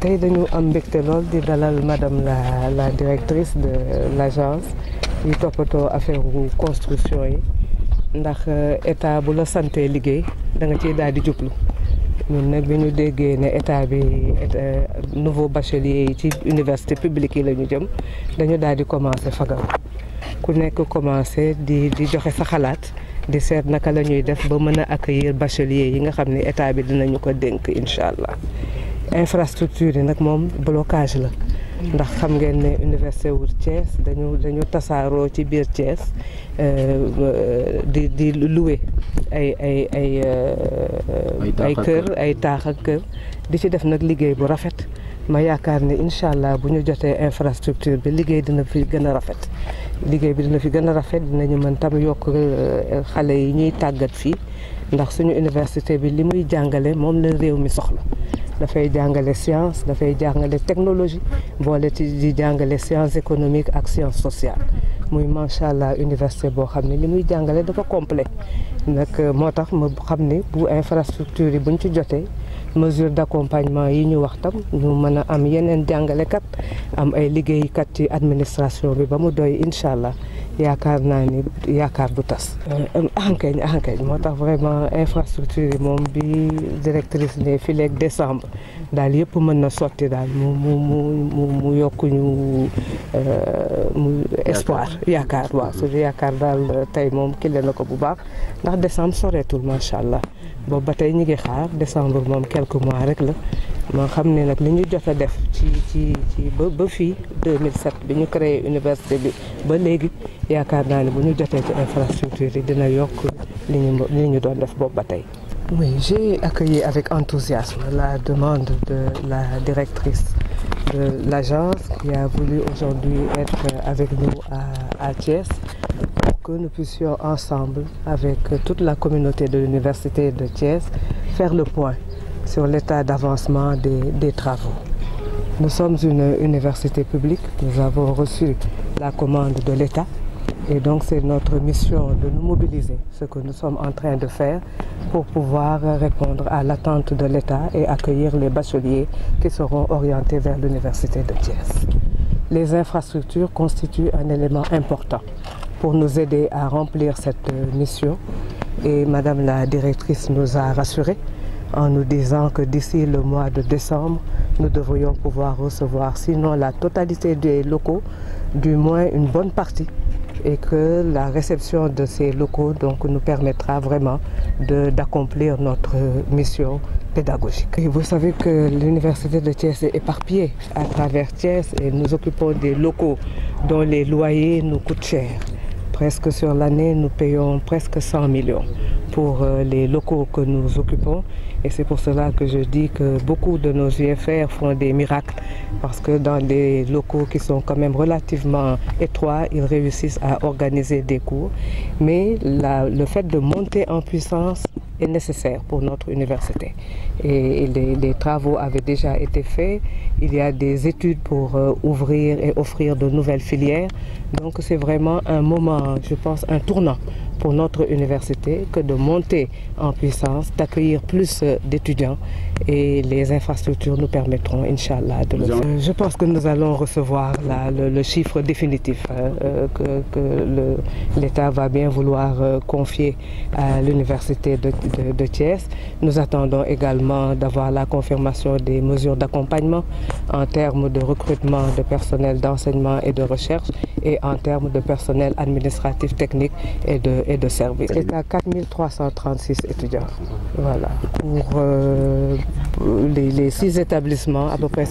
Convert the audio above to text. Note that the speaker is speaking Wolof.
tey dañu am mbégte lool di dalal madame la la directrice de l'agence yi toppatoo affaire bu construction yi ndax euh, état bu la santee liggéey da nga ciy daal di jublu ñun nag bi ñu déggee ne état bi euh, nouveau bachelier yi ci université publique yi la ñu jëm dañu daal di commencer fagaru ku nekk commencer di di joxe sa xalaat di seet naka la ñuy def ba mën a accueillir bachelier yi nga xam ne état bi dinañu ko dénk incha allah infrastructure yi nag moom blocage la ndax xam ngeen ne université wu Thiès dañu dañu tasaaroo ci biir Thiès euh, di di loué ay ay ay euh, ay kër ay taax ak kër di ci def nag liggéey bu rafet ma yaakaar ni incha allah bu ñu jotee infrastructure bi liggéey dina fi gën a rafet liggéey bi dina fi gën a rafet dinañu mën tam yokk euh, xale yi ñuy tàggat fii ndax suñu université bi li muy jàngale moom la réew mi soxla dafay jàngale science dafay jàngale technologie boole ci di jàngale science économique ak science sociale muy macha allah université boo xam ne li muy jàngale dafa complet nag euh, moo tax ma xam ne bu infrastructure yi buñ ci jotee mesure d'accompagnement yi ñu wax tam ñu mën a am yeneen jàngalekat am ay liggéeykat ci administration bi ba mu doy incha allah yaakaar naa ni yaakaar du tas. axankañ euh, axankañ moo tax vraiment infrastructure yi moom bi directrice ne fii léegi décembre daal yëpp mën na sotti daal mu mu mu mu yokkuñu euh, mu espoir yaakaar waaw suñu yaakaar daal tey moom kile na ko bu baax ndax décembre soreetul macha allah boobu ba tey ñu ngi xaar décembre moom quelque mois rek la ma xam ne nag li ñu jot a def ci. ci ci ba ba fii 2007 bi ñu créé université bi ba léegi yaakaar naa ne bu ñu jotee ci infrastructure yi dina yokk li ñu li ñu doon def boobu ba tey. oui j'ai accueilli avec enthousiasme la demande de la directrice de l'agence qui a voulu aujourd'hui être avec nous à, à Thiès pour que nous puissions ensemble avec toute la communauté de l'université de Thiès faire le point sur l'état d'avancement des, des travaux. Nous sommes une université publique, nous avons reçu la commande de l'État et donc c'est notre mission de nous mobiliser, ce que nous sommes en train de faire pour pouvoir répondre à l'attente de l'État et accueillir les bacheliers qui seront orientés vers l'université de Thiès. Les infrastructures constituent un élément important pour nous aider à remplir cette mission et Madame la directrice nous a rassurés en nous disant que d'ici le mois de décembre, nous devrions pouvoir recevoir, sinon la totalité des locaux, du moins une bonne partie, et que la réception de ces locaux donc, nous permettra vraiment d'accomplir notre mission pédagogique. Et vous savez que l'université de Thiès est éparpillée à travers Thiès et nous occupons des locaux dont les loyers nous coûtent cher. Presque sur l'année, nous payons presque 100 millions. pour euh, les locaux que nous occupons. Et c'est pour cela que je dis que beaucoup de nos UFR font des miracles parce que dans des locaux qui sont quand même relativement étroits, ils réussissent à organiser des cours. Mais la, le fait de monter en puissance est nécessaire pour notre université. Et, et les, les, travaux avaient déjà été faits. Il y a des études pour euh, ouvrir et offrir de nouvelles filières. Donc c'est vraiment un moment, je pense, un tournant pour notre université que de monter en puissance, d'accueillir plus euh, d'étudiants et les infrastructures nous permettront, Inch'Allah, de le faire. Je pense que nous allons recevoir la, le, le, chiffre définitif euh, que, que l'État va bien vouloir euh, confier à l'université de de, de Thiès. Nous attendons également d'avoir la confirmation des mesures en termes de recrutement de personnel d'enseignement et de recherche et en termes de personnel administratif, technique et de, et de service. C'est à 4336 étudiants. Voilà. Pour euh, les, les six établissements, à peu près